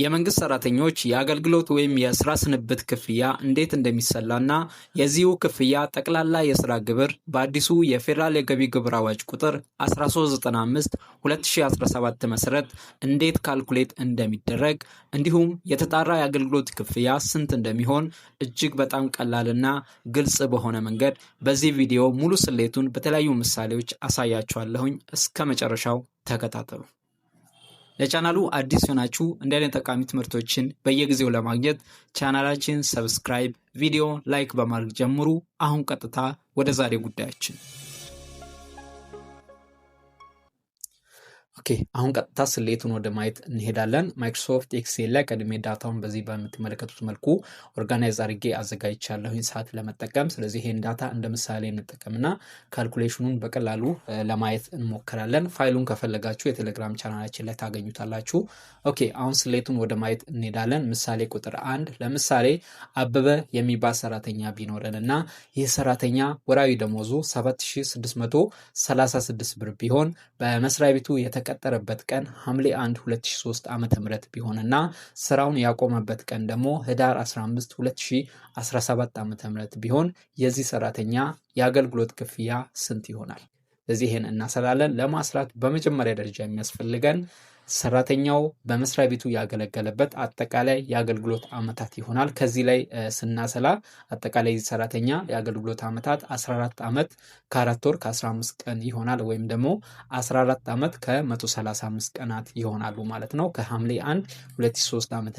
የመንግስት ሰራተኞች የአገልግሎት ወይም የስራ ስንብት ክፍያ እንዴት እንደሚሰላና የዚሁ ክፍያ ጠቅላላ የስራ ግብር በአዲሱ የፌዴራል የገቢ ግብር አዋጅ ቁጥር 1395 2017 መሰረት እንዴት ካልኩሌት እንደሚደረግ እንዲሁም የተጣራ የአገልግሎት ክፍያ ስንት እንደሚሆን እጅግ በጣም ቀላልና ግልጽ በሆነ መንገድ በዚህ ቪዲዮ ሙሉ ስሌቱን በተለያዩ ምሳሌዎች አሳያችኋለሁኝ። እስከ መጨረሻው ተከታተሉ። ለቻናሉ አዲስ ሆናችሁ እንዲህ አይነት ጠቃሚ ትምህርቶችን በየጊዜው ለማግኘት ቻናላችን ሰብስክራይብ፣ ቪዲዮ ላይክ በማድረግ ጀምሩ። አሁን ቀጥታ ወደ ዛሬ ጉዳያችን ኦኬ አሁን ቀጥታ ስሌቱን ወደ ማየት እንሄዳለን። ማይክሮሶፍት ኤክሴል ላይ ቀድሜ ዳታውን በዚህ በምትመለከቱት መልኩ ኦርጋናይዝ አድርጌ አዘጋጅቻለሁኝ ሰዓት ለመጠቀም። ስለዚህ ይህን ዳታ እንደ ምሳሌ እንጠቀምና ካልኩሌሽኑን በቀላሉ ለማየት እንሞክራለን። ፋይሉን ከፈለጋችሁ የቴሌግራም ቻናላችን ላይ ታገኙታላችሁ። ኦኬ አሁን ስሌቱን ወደ ማየት እንሄዳለን። ምሳሌ ቁጥር አንድ ለምሳሌ አበበ የሚባል ሰራተኛ ቢኖረን እና ይህ ሰራተኛ ወራዊ ደሞዙ 7636 ብር ቢሆን በመስሪያ ቤቱ የተቀ የተቀጠረበት ቀን ሐምሌ 1 2003 ዓ ም ቢሆንና ስራውን ያቆመበት ቀን ደግሞ ህዳር 15 2017 ዓ ም ቢሆን የዚህ ሰራተኛ የአገልግሎት ክፍያ ስንት ይሆናል? እዚህን እናሰላለን። ለማስራት በመጀመሪያ ደረጃ የሚያስፈልገን ሰራተኛው በመስሪያ ቤቱ ያገለገለበት አጠቃላይ የአገልግሎት አመታት ይሆናል። ከዚህ ላይ ስናሰላ አጠቃላይ ሰራተኛ የአገልግሎት ዓመታት 14 ዓመት ከአራት ወር ከ15 ቀን ይሆናል ወይም ደግሞ 14 ዓመት ከ135 ቀናት ይሆናሉ ማለት ነው። ከሐምሌ 1 2003 ዓ ም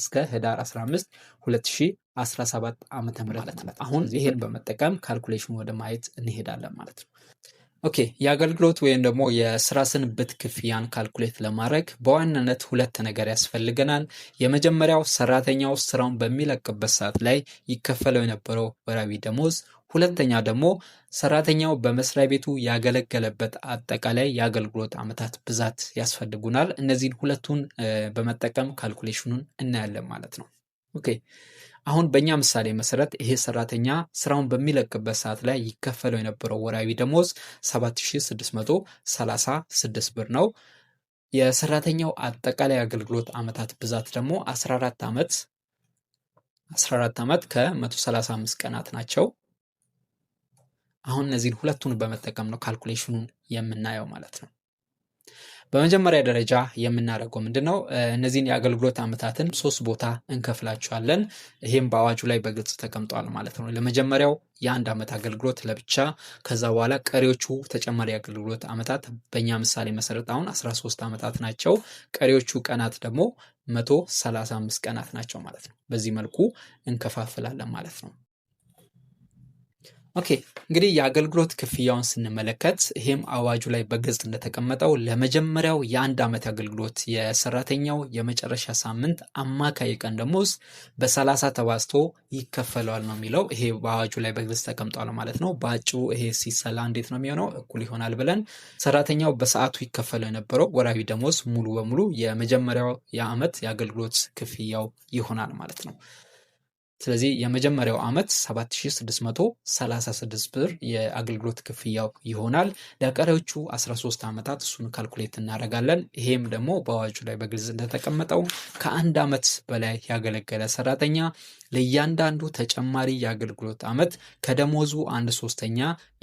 እስከ ህዳር 15 2017 ዓ ም ማለት ነው። አሁን ይህን በመጠቀም ካልኩሌሽን ወደ ማየት እንሄዳለን ማለት ነው። ኦኬ የአገልግሎት ወይም ደግሞ የስራ ስንብት ክፍያን ካልኩሌት ለማድረግ በዋናነት ሁለት ነገር ያስፈልገናል። የመጀመሪያው ሰራተኛው ስራውን በሚለቅበት ሰዓት ላይ ይከፈለው የነበረው ወራዊ ደሞዝ፣ ሁለተኛ ደግሞ ሰራተኛው በመስሪያ ቤቱ ያገለገለበት አጠቃላይ የአገልግሎት ዓመታት ብዛት ያስፈልጉናል። እነዚህን ሁለቱን በመጠቀም ካልኩሌሽኑን እናያለን ማለት ነው። ኦኬ አሁን በእኛ ምሳሌ መሰረት ይሄ ሰራተኛ ስራውን በሚለቅበት ሰዓት ላይ ይከፈለው የነበረው ወራዊ ደሞዝ 7636 ብር ነው። የሰራተኛው አጠቃላይ አገልግሎት ዓመታት ብዛት ደግሞ 14 ዓመት 14 ዓመት ከ135 ቀናት ናቸው። አሁን እነዚህን ሁለቱን በመጠቀም ነው ካልኩሌሽኑን የምናየው ማለት ነው። በመጀመሪያ ደረጃ የምናደርገው ምንድን ነው? እነዚህን የአገልግሎት ዓመታትን ሶስት ቦታ እንከፍላቸዋለን። ይህም በአዋጁ ላይ በግልጽ ተቀምጧል ማለት ነው። ለመጀመሪያው የአንድ ዓመት አገልግሎት ለብቻ፣ ከዛ በኋላ ቀሪዎቹ ተጨማሪ አገልግሎት ዓመታት በእኛ ምሳሌ መሰረት አሁን 13 ዓመታት ናቸው። ቀሪዎቹ ቀናት ደግሞ 135 ቀናት ናቸው ማለት ነው። በዚህ መልኩ እንከፋፍላለን ማለት ነው። ኦኬ እንግዲህ የአገልግሎት ክፍያውን ስንመለከት ይሄም አዋጁ ላይ በግልጽ እንደተቀመጠው ለመጀመሪያው የአንድ ዓመት አገልግሎት የሰራተኛው የመጨረሻ ሳምንት አማካይ ቀን ደሞዝ በሰላሳ ተባዝቶ ይከፈለዋል ነው የሚለው። ይሄ በአዋጁ ላይ በግልጽ ተቀምጠዋል ማለት ነው። በአጭሩ ይሄ ሲሰላ እንዴት ነው የሚሆነው? እኩል ይሆናል ብለን ሰራተኛው በሰዓቱ ይከፈለው የነበረው ወራዊ ደሞዝ ሙሉ በሙሉ የመጀመሪያው የዓመት የአገልግሎት ክፍያው ይሆናል ማለት ነው። ስለዚህ የመጀመሪያው ዓመት 7636 ብር የአገልግሎት ክፍያው ይሆናል። ለቀሪዎቹ 13 ዓመታት እሱን ካልኩሌት እናደርጋለን። ይሄም ደግሞ በአዋጁ ላይ በግልጽ እንደተቀመጠው ከአንድ ዓመት በላይ ያገለገለ ሰራተኛ ለእያንዳንዱ ተጨማሪ የአገልግሎት ዓመት ከደሞዙ አንድ ሶስተኛ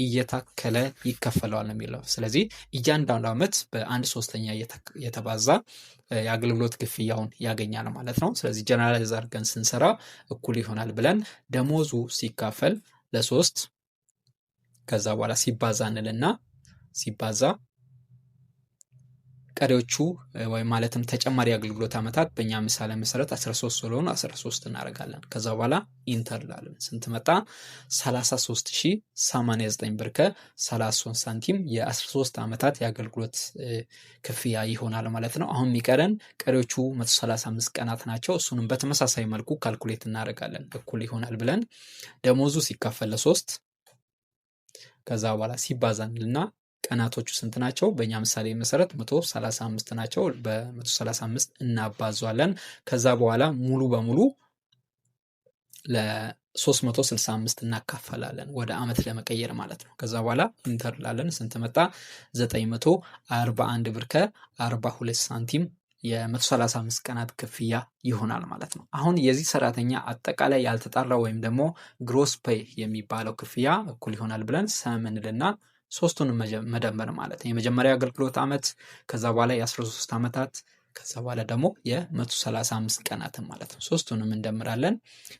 እየታከለ ይከፈለዋል ነው የሚለው። ስለዚህ እያንዳንዱ ዓመት በአንድ ሶስተኛ የተባዛ የአገልግሎት ክፍያውን ያገኛል ማለት ነው። ስለዚህ ጀነራላይዝ አድርገን ስንሰራ እኩል ይሆናል ብለን ደሞዙ ሲካፈል ለሶስት ከዛ በኋላ ሲባዛ እንልና ሲባዛ ቀሪዎቹ ወይም ማለትም ተጨማሪ አገልግሎት ዓመታት በእኛ ምሳሌ መሰረት 13 ስለሆኑ 13 እናደርጋለን። ከዛ በኋላ ኢንተር ላለን ስንትመጣ መጣ? 33089 ብር ከ33 ሳንቲም የ13 ዓመታት የአገልግሎት ክፍያ ይሆናል ማለት ነው። አሁን የሚቀረን ቀሪዎቹ 135 ቀናት ናቸው። እሱንም በተመሳሳይ መልኩ ካልኩሌት እናደርጋለን። እኩል ይሆናል ብለን ደሞዙ ሲካፈል ለሶስት ከዛ በኋላ ሲባዛንልና ቀናቶቹ ስንት ናቸው? በእኛ ምሳሌ መሰረት 135 ናቸው። በ135 እናባዟለን። ከዛ በኋላ ሙሉ በሙሉ ለ365 እናካፈላለን ወደ አመት ለመቀየር ማለት ነው። ከዛ በኋላ ኢንተር ላለን ስንት መጣ? 941 ብር ከ42 ሳንቲም የ135 ቀናት ክፍያ ይሆናል ማለት ነው። አሁን የዚህ ሰራተኛ አጠቃላይ ያልተጣራ ወይም ደግሞ ግሮስ ፔይ የሚባለው ክፍያ እኩል ይሆናል ብለን ሰምንልና ሶስቱንም መደመር ማለት የመጀመሪያ አገልግሎት ዓመት ከዛ በኋላ የ13 ዓመታት ከዛ በኋላ ደግሞ የ135 ቀናትን ማለት ነው። ሶስቱንም እንደምራለን።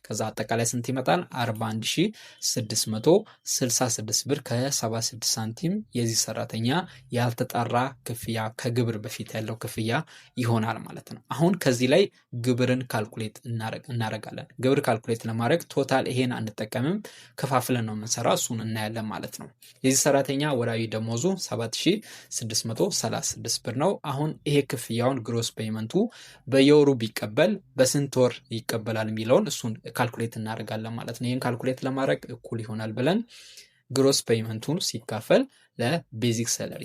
ከዛ አጠቃላይ ስንት ይመጣል? 41666 ብር ከ76 ሳንቲም የዚህ ሰራተኛ ያልተጣራ ክፍያ ከግብር በፊት ያለው ክፍያ ይሆናል ማለት ነው። አሁን ከዚህ ላይ ግብርን ካልኩሌት እናረጋለን። ግብር ካልኩሌት ለማድረግ ቶታል ይሄን አንጠቀምም፣ ከፋፍለን ነው የምንሰራ። እሱን እናያለን ማለት ነው። የዚህ ሰራተኛ ወራዊ ደሞዙ 7636 ብር ነው። አሁን ይሄ ክፍያውን ግሮስ ዳውንስ ፔመንቱ በየወሩ ቢቀበል በስንት ወር ይቀበላል የሚለውን እሱን ካልኩሌት እናደርጋለን ማለት ነው። ይህን ካልኩሌት ለማድረግ እኩል ይሆናል ብለን ግሮስ ፔመንቱን ሲካፈል ለቤዚክ ሰለሪ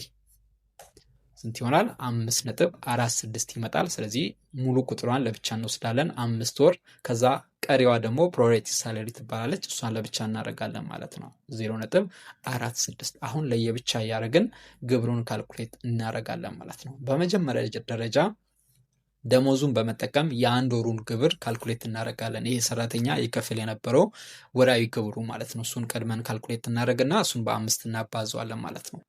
ስንት ይሆናል? አምስት ነጥብ አራት ስድስት ይመጣል። ስለዚህ ሙሉ ቁጥሯን ለብቻ እንወስዳለን አምስት ወር። ከዛ ቀሪዋ ደግሞ ፕሮሬቲ ሳለሪ ትባላለች። እሷን ለብቻ እናደርጋለን ማለት ነው ዜሮ ነጥብ አራት ስድስት አሁን ለየብቻ እያደረግን ግብሩን ካልኩሌት እናደርጋለን ማለት ነው። በመጀመሪያ ደረጃ ደሞዙን በመጠቀም የአንድ ወሩን ግብር ካልኩሌት እናደርጋለን። ይሄ ሰራተኛ ይከፍል የነበረው ወራዊ ግብሩ ማለት ነው። እሱን ቀድመን ካልኩሌት እናደርግና እሱን በአምስት እናባዘዋለን ማለት ነው።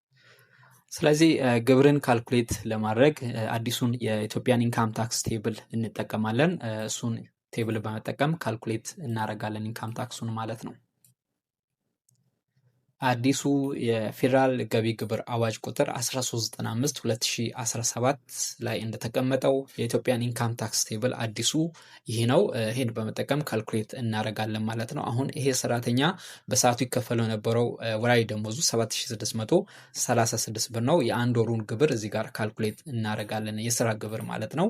ስለዚህ ግብርን ካልኩሌት ለማድረግ አዲሱን የኢትዮጵያን ኢንካም ታክስ ቴብል እንጠቀማለን። እሱን ቴብል በመጠቀም ካልኩሌት እናደርጋለን ኢንካም ታክሱን ማለት ነው። አዲሱ የፌዴራል ገቢ ግብር አዋጅ ቁጥር 1395 2017 ላይ እንደተቀመጠው የኢትዮጵያን ኢንካም ታክስ ቴብል አዲሱ ይሄ ነው። ይሄን በመጠቀም ካልኩሌት እናደርጋለን ማለት ነው። አሁን ይሄ ሰራተኛ በሰዓቱ ይከፈለው የነበረው ወራዊ ደሞዙ 7636 ብር ነው። የአንድ ወሩን ግብር እዚህ ጋር ካልኩሌት እናደርጋለን፣ የስራ ግብር ማለት ነው።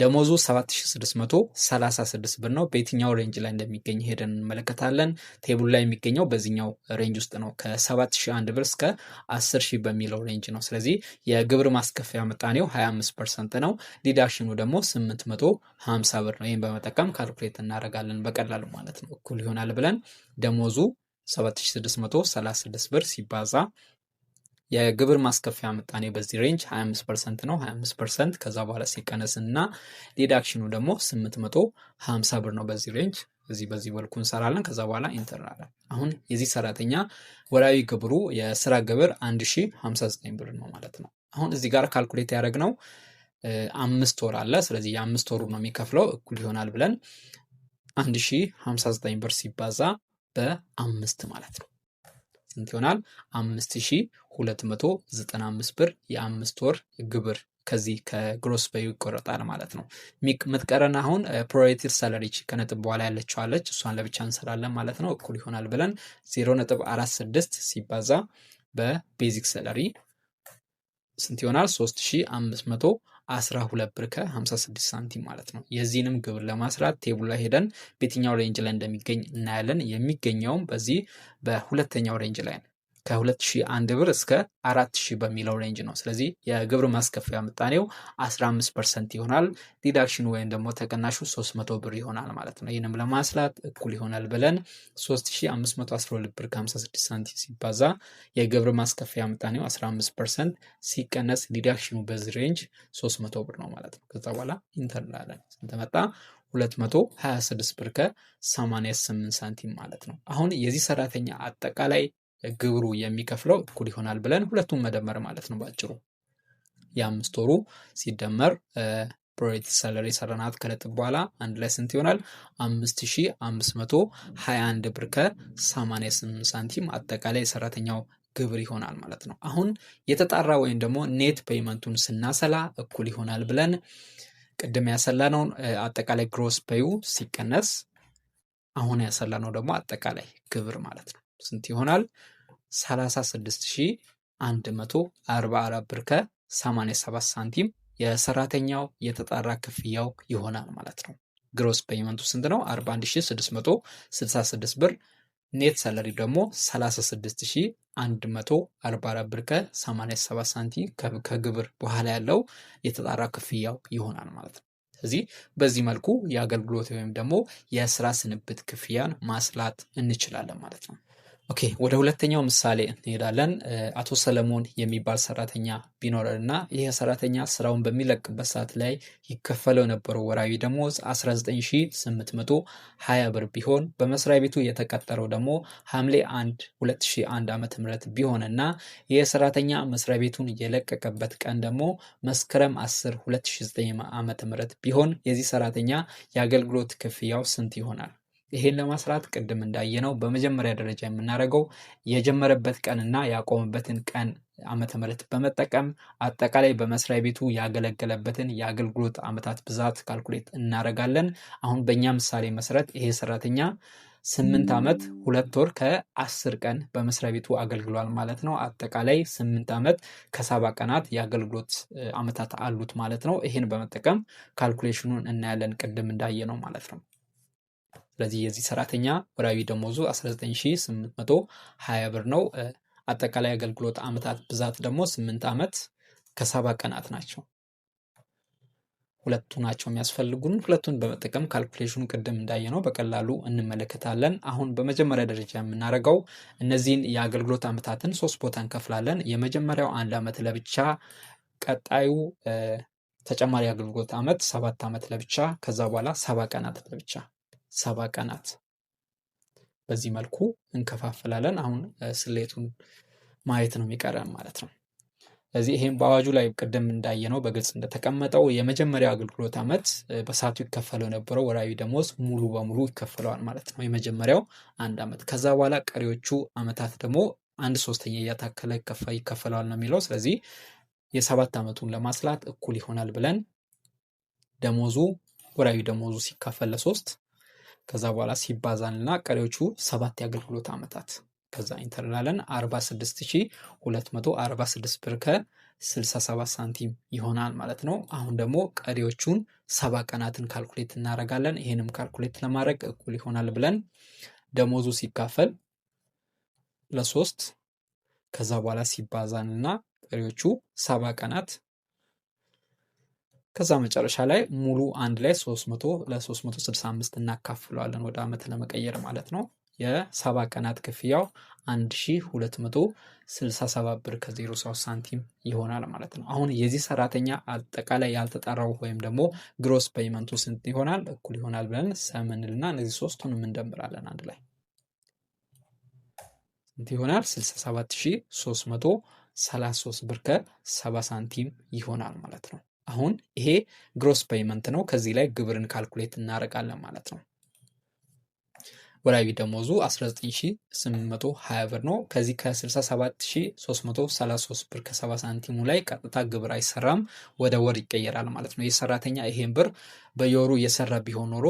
ደሞዙ 7636 ብር ነው። በየትኛው ሬንጅ ላይ እንደሚገኝ ሄደን እንመለከታለን። ቴብሉ ላይ የሚገኘው በዚህኛው ሬንጅ ውስጥ ነው። ከ7001 ብር እስከ 10000 በሚለው ሬንጅ ነው። ስለዚህ የግብር ማስከፈያ ምጣኔው 25 ፐርሰንት ነው። ዲዳክሽኑ ደግሞ 850 ብር ነው። ይህን በመጠቀም ካልኩሌት እናደርጋለን በቀላሉ ማለት ነው። እኩል ይሆናል ብለን ደሞዙ 7636 ብር ሲባዛ የግብር ማስከፊያ ምጣኔ በዚህ ሬንጅ 25 ፐርሰንት ነው። 25 ፐርሰንት ከዛ በኋላ ሲቀነስ እና ዲዳክሽኑ ደግሞ 850 ብር ነው። በዚህ ሬንጅ እዚህ በዚህ መልኩ እንሰራለን። ከዛ በኋላ ኢንተር እንላለን። አሁን የዚህ ሰራተኛ ወራዊ ግብሩ የስራ ግብር 1059 ብር ነው ማለት ነው። አሁን እዚህ ጋር ካልኩሌት ያደረግነው አምስት ወር አለ። ስለዚህ የአምስት ወሩ ነው የሚከፍለው እኩል ይሆናል ብለን 1059 ብር ሲባዛ በአምስት ማለት ነው። ስንት ይሆናል? 5295 ብር የአምስት ወር ግብር ከዚህ ከግሮስ በዩ ይቆረጣል ማለት ነው። ምትቀረን አሁን ፕሮሬትድ ሰለሪች ከነጥብ በኋላ ያለችዋለች እሷን ለብቻ እንሰራለን ማለት ነው። እኩል ይሆናል ብለን 0.46 ሲባዛ በቤዚክ ሰለሪ ስንት ይሆናል? ሶስት 12 ብር ከ56 ሳንቲም ማለት ነው። የዚህንም ግብር ለማስራት ቴብሉ ላይ ሄደን በየትኛው ሬንጅ ላይ እንደሚገኝ እናያለን። የሚገኘውም በዚህ በሁለተኛው ሬንጅ ላይ ነው። ከ2001 ብር እስከ 4000 በሚለው ሬንጅ ነው። ስለዚህ የግብር ማስከፈያ ምጣኔው 15 ፐርሰንት ይሆናል። ዲዳክሽን ወይም ደግሞ ተቀናሹ 300 ብር ይሆናል ማለት ነው። ይህንም ለማስላት እኩል ይሆናል ብለን 3512 ብር 56 ሳንቲም ሲባዛ የግብር ማስከፈያ ምጣኔው 15 ፐርሰንት ሲቀነስ ዲዳክሽኑ በዚህ ሬንጅ 300 ብር ነው ማለት ነው። ከዛ በኋላ ኢንተር እንላለን ስንት መጣ? 226 ብር ከ88 ሳንቲም ማለት ነው። አሁን የዚህ ሰራተኛ አጠቃላይ ግብሩ የሚከፍለው እኩል ይሆናል ብለን ሁለቱም መደመር ማለት ነው ባጭሩ። የአምስት ወሩ ሲደመር ፕሮሬት ሰለሪ ሰረናት ከለጥ በኋላ አንድ ላይ ስንት ይሆናል? አንድ ብር ከ88 ሳንቲም አጠቃላይ የሰራተኛው ግብር ይሆናል ማለት ነው። አሁን የተጣራ ወይም ደግሞ ኔት ፔይመንቱን ስናሰላ እኩል ይሆናል ብለን ቅድም ያሰላነውን አጠቃላይ ግሮስ ፔዩ ሲቀነስ አሁን ያሰላነው ደግሞ አጠቃላይ ግብር ማለት ነው። ስንት ይሆናል? 36144 ብር ከ87 ሳንቲም የሰራተኛው የተጣራ ክፍያው ይሆናል ማለት ነው። ግሮስ ፔይመንቱ ስንት ነው? 41666 ብር። ኔት ሰለሪ ደግሞ 36144 ብር ከ87 ሳንቲም ከግብር በኋላ ያለው የተጣራ ክፍያው ይሆናል ማለት ነው። ስለዚህ በዚህ መልኩ የአገልግሎት ወይም ደግሞ የስራ ስንብት ክፍያን ማስላት እንችላለን ማለት ነው። ኦኬ ወደ ሁለተኛው ምሳሌ እንሄዳለን። አቶ ሰለሞን የሚባል ሰራተኛ ቢኖረን እና ይህ ሰራተኛ ስራውን በሚለቅበት ሰዓት ላይ ይከፈለው የነበረው ወራዊ ደሞዝ 19820 ብር ቢሆን በመስሪያ ቤቱ የተቀጠረው ደግሞ ሐምሌ 1 2001 ዓ ም ቢሆን እና ይህ ሰራተኛ መስሪያ ቤቱን የለቀቀበት ቀን ደግሞ መስከረም 10 2009 ዓ ም ቢሆን የዚህ ሰራተኛ የአገልግሎት ክፍያው ስንት ይሆናል? ይሄን ለማስራት ቅድም እንዳየነው በመጀመሪያ ደረጃ የምናደርገው የጀመረበት ቀንና ያቆመበትን ቀን ዓመተ ምሕረት በመጠቀም አጠቃላይ በመስሪያ ቤቱ ያገለገለበትን የአገልግሎት ዓመታት ብዛት ካልኩሌት እናደርጋለን። አሁን በእኛ ምሳሌ መሰረት ይሄ ሰራተኛ ስምንት ዓመት ሁለት ወር ከአስር ቀን በመስሪያ ቤቱ አገልግሏል ማለት ነው። አጠቃላይ ስምንት ዓመት ከሰባ ቀናት የአገልግሎት ዓመታት አሉት ማለት ነው። ይህን በመጠቀም ካልኩሌሽኑን እናያለን፣ ቅድም እንዳየ ነው ማለት ነው። ስለዚህ የዚህ ሰራተኛ ወራዊ ደሞዙ 19820 ብር ነው። አጠቃላይ አገልግሎት ዓመታት ብዛት ደግሞ 8 ዓመት ከሰባ ቀናት ናቸው። ሁለቱ ናቸው የሚያስፈልጉን። ሁለቱን በመጠቀም ካልኩሌሽኑ ቅድም እንዳየነው በቀላሉ እንመለከታለን። አሁን በመጀመሪያ ደረጃ የምናደርገው እነዚህን የአገልግሎት ዓመታትን ሶስት ቦታ እንከፍላለን። የመጀመሪያው አንድ ዓመት ለብቻ፣ ቀጣዩ ተጨማሪ አገልግሎት ዓመት ሰባት ዓመት ለብቻ፣ ከዛ በኋላ ሰባ ቀናት ለብቻ ሰባ ቀናት በዚህ መልኩ እንከፋፈላለን። አሁን ስሌቱን ማየት ነው የሚቀረን ማለት ነው። ስለዚህ ይሄም በአዋጁ ላይ ቅድም እንዳየነው በግልጽ እንደተቀመጠው የመጀመሪያው አገልግሎት ዓመት በሰዓቱ ይከፈለው የነበረው ወራዊ ደሞዝ ሙሉ በሙሉ ይከፈለዋል ማለት ነው። የመጀመሪያው አንድ ዓመት ከዛ በኋላ ቀሪዎቹ ዓመታት ደግሞ አንድ ሶስተኛ እያታከለ ይከፈለዋል ነው የሚለው። ስለዚህ የሰባት ዓመቱን ለማስላት እኩል ይሆናል ብለን ደሞዙ ወራዊ ደሞዙ ሲካፈል ለሶስት ከዛ በኋላ ሲባዛልና ቀሪዎቹ ሰባት የአገልግሎት ዓመታት ከዛ ኢንተርናለን 46246 ብር ከ67 ሳንቲም ይሆናል ማለት ነው። አሁን ደግሞ ቀሪዎቹን ሰባ ቀናትን ካልኩሌት እናደርጋለን። ይህንም ካልኩሌት ለማድረግ እኩል ይሆናል ብለን ደሞዙ ሲካፈል ለሶስት ከዛ በኋላ ሲባዛንና ቀሪዎቹ ሰባ ቀናት ከዛ መጨረሻ ላይ ሙሉ አንድ ላይ 300 ለ365 እናካፍለዋለን ወደ ዓመት ለመቀየር ማለት ነው። የሰባ ቀናት ክፍያው 1267 ብር ከ03 ሳንቲም ይሆናል ማለት ነው። አሁን የዚህ ሰራተኛ አጠቃላይ ያልተጠራው ወይም ደግሞ ግሮስ ፔይመንቱ ስንት ይሆናል? እኩል ይሆናል ብለን ሰምንልና እነዚህ ሶስቱንም እንደምራለን አንድ ላይ ስንት ይሆናል? 67333 ብር ከ70 ሳንቲም ይሆናል ማለት ነው። አሁን ይሄ ግሮስ ፔይመንት ነው። ከዚህ ላይ ግብርን ካልኩሌት እናደርጋለን ማለት ነው። ወራዊ ደሞዙ 19820 ብር ነው። ከዚህ ከ67333 ብር ከ70 ሳንቲሙ ላይ ቀጥታ ግብር አይሰራም፣ ወደ ወር ይቀየራል ማለት ነው። የሰራተኛ ይሄን ብር በየወሩ እየሰራ ቢሆን ኖሮ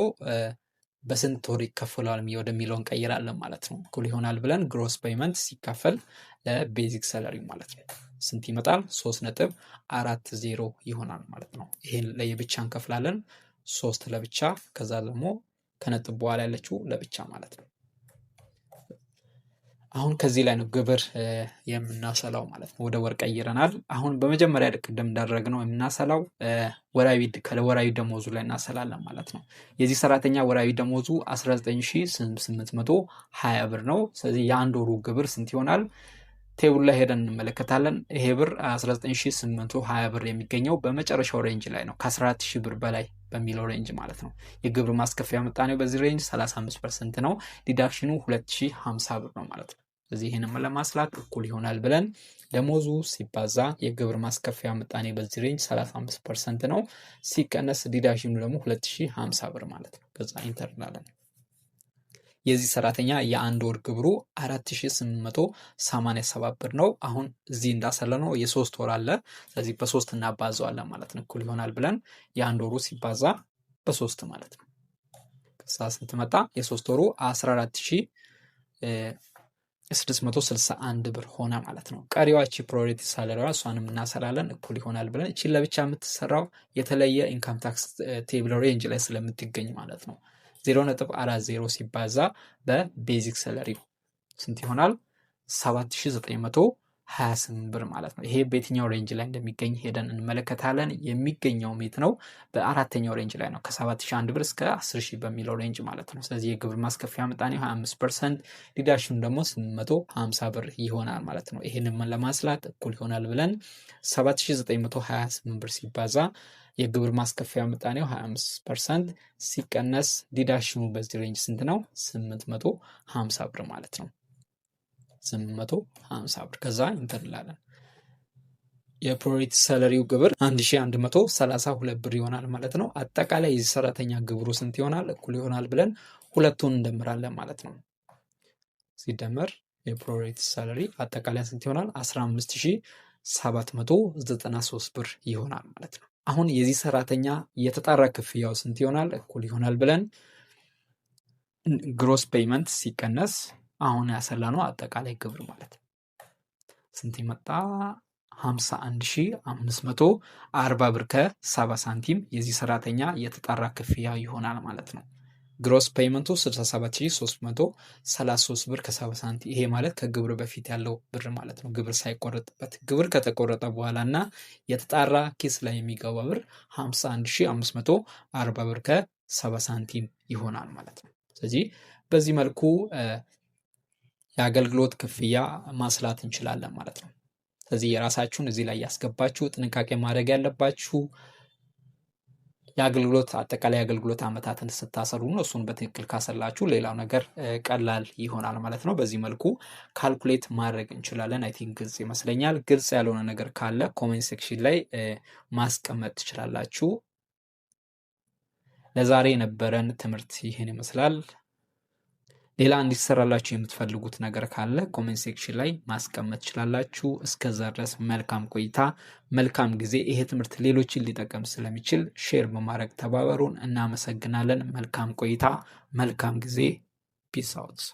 በስንት ወር ይከፈለዋል ወደሚለው እንቀይራለን ማለት ነው። እኩል ይሆናል ብለን ግሮስ ፔይመንት ሲካፈል ለቤዚክ ሰለሪ ማለት ነው። ስንት ይመጣል? ሶስት ነጥብ አራት 0 ይሆናል ማለት ነው። ይሄን ለየብቻ እንከፍላለን። ሶስት ለብቻ ከዛ ደግሞ ከነጥብ በኋላ ያለችው ለብቻ ማለት ነው። አሁን ከዚህ ላይ ነው ግብር የምናሰላው ማለት ነው። ወደ ወር ቀይረናል። አሁን በመጀመሪያ ልክ እንደምዳረግነው የምናሰላው ወራዊ ደሞዙ ላይ እናሰላለን ማለት ነው። የዚህ ሰራተኛ ወራዊ ደሞዙ 19820 ብር ነው። ስለዚህ የአንድ ወሩ ግብር ስንት ይሆናል? ቴቡል ላይ ሄደን እንመለከታለን። ይሄ ብር 19820 ብር የሚገኘው በመጨረሻው ሬንጅ ላይ ነው፣ ከ14000 ብር በላይ በሚለው ሬንጅ ማለት ነው። የግብር ማስከፊያ ምጣኔው በዚህ ሬንጅ 35 ፐርሰንት ነው። ዲዳክሽኑ 2050 ብር ነው ማለት ነው። ስለዚህ ይህንም ለማስላክ እኩል ይሆናል ብለን ደሞዙ ሲባዛ የግብር ማስከፊያ ምጣኔ በዚህ ሬንጅ 35 ፐርሰንት ነው። ሲቀነስ ዲዳክሽኑ ደግሞ 2050 ብር ማለት ነው። ከዛ ኢንተር እንላለን። የዚህ ሰራተኛ የአንድ ወር ግብሩ 4887 ብር ነው። አሁን እዚህ እንዳሰለ ነው የሶስት ወር አለ። ስለዚህ በሶስት እናባዘዋለን ማለት ነው። እኩል ይሆናል ብለን የአንድ ወሩ ሲባዛ በሶስት ማለት ነው። ከዛ ስንት መጣ? የሶስት ወሩ 14661 ብር ሆነ ማለት ነው። ቀሪዋች ፕሮሪቲ ሳለሪዋ እሷንም እናሰላለን እኩል ይሆናል ብለን እቺን ለብቻ የምትሰራው የተለየ ኢንካም ታክስ ቴብል ሬንጅ ላይ ስለምትገኝ ማለት ነው። 040 ሲባዛ በቤዚክ ሰለሪ ስንት ይሆናል? 7928 ብር ማለት ነው። ይሄ በየትኛው ሬንጅ ላይ እንደሚገኝ ሄደን እንመለከታለን። የሚገኘው ሜት ነው በአራተኛው ሬንጅ ላይ ነው፣ ከ7001 ብር እስከ 10000 በሚለው ሬንጅ ማለት ነው። ስለዚህ የግብር ማስከፊያ ምጣኔ 25 ፐርሰንት፣ ዲዳሽን ደግሞ 850 ብር ይሆናል ማለት ነው። ይህንም ለማስላት እኩል ይሆናል ብለን 7928 ብር ሲባዛ የግብር ማስከፈያ ምጣኔው 25 ፐርሰንት ሲቀነስ ዲዳሽኑ በዚህ ሬንጅ ስንት ነው? 850 ብር ማለት ነው። 850 ብር ከዛ ኢንተር እንላለን። የፕሮሪት ሰለሪው ግብር 1132 ብር ይሆናል ማለት ነው። አጠቃላይ የዚህ ሰራተኛ ግብሩ ስንት ይሆናል? እኩል ይሆናል ብለን ሁለቱን እንደምራለን ማለት ነው። ሲደመር የፕሮሬት ሰለሪ አጠቃላይ ስንት ይሆናል? 15793 ብር ይሆናል ማለት ነው። አሁን የዚህ ሰራተኛ የተጣራ ክፍያው ስንት ይሆናል? እኩል ይሆናል ብለን ግሮስ ፔይመንት ሲቀነስ አሁን ያሰላ ነው አጠቃላይ ግብር ማለት ስንት መጣ? 51540 ብር ከ ሳንቲም የዚህ ሰራተኛ የተጣራ ክፍያ ይሆናል ማለት ነው። ግሮስ ፔይመንቱ 67333 ብር ከ70 ሳንቲም። ይሄ ማለት ከግብር በፊት ያለው ብር ማለት ነው፣ ግብር ሳይቆረጥበት። ግብር ከተቆረጠ በኋላ እና የተጣራ ኪስ ላይ የሚገባ ብር 51540 ብር ከ ሳንቲም ይሆናል ማለት ነው። ስለዚህ በዚህ መልኩ የአገልግሎት ክፍያ ማስላት እንችላለን ማለት ነው። ስለዚህ የራሳችሁን እዚህ ላይ ያስገባችሁ ጥንቃቄ ማድረግ ያለባችሁ የአገልግሎት አጠቃላይ የአገልግሎት ዓመታትን ስታሰሉ ነው። እሱን በትክክል ካሰላችሁ ሌላው ነገር ቀላል ይሆናል ማለት ነው። በዚህ መልኩ ካልኩሌት ማድረግ እንችላለን። አይ ቲንክ ግልጽ ይመስለኛል። ግልጽ ያልሆነ ነገር ካለ ኮሜንት ሴክሽን ላይ ማስቀመጥ ትችላላችሁ። ለዛሬ የነበረን ትምህርት ይህን ይመስላል። ሌላ እንዲሰራላችሁ የምትፈልጉት ነገር ካለ ኮሜንት ሴክሽን ላይ ማስቀመጥ ትችላላችሁ። እስከዛ ድረስ መልካም ቆይታ፣ መልካም ጊዜ። ይሄ ትምህርት ሌሎችን ሊጠቀም ስለሚችል ሼር በማድረግ ተባበሩን። እናመሰግናለን። መልካም ቆይታ፣ መልካም ጊዜ። ፒስ አውት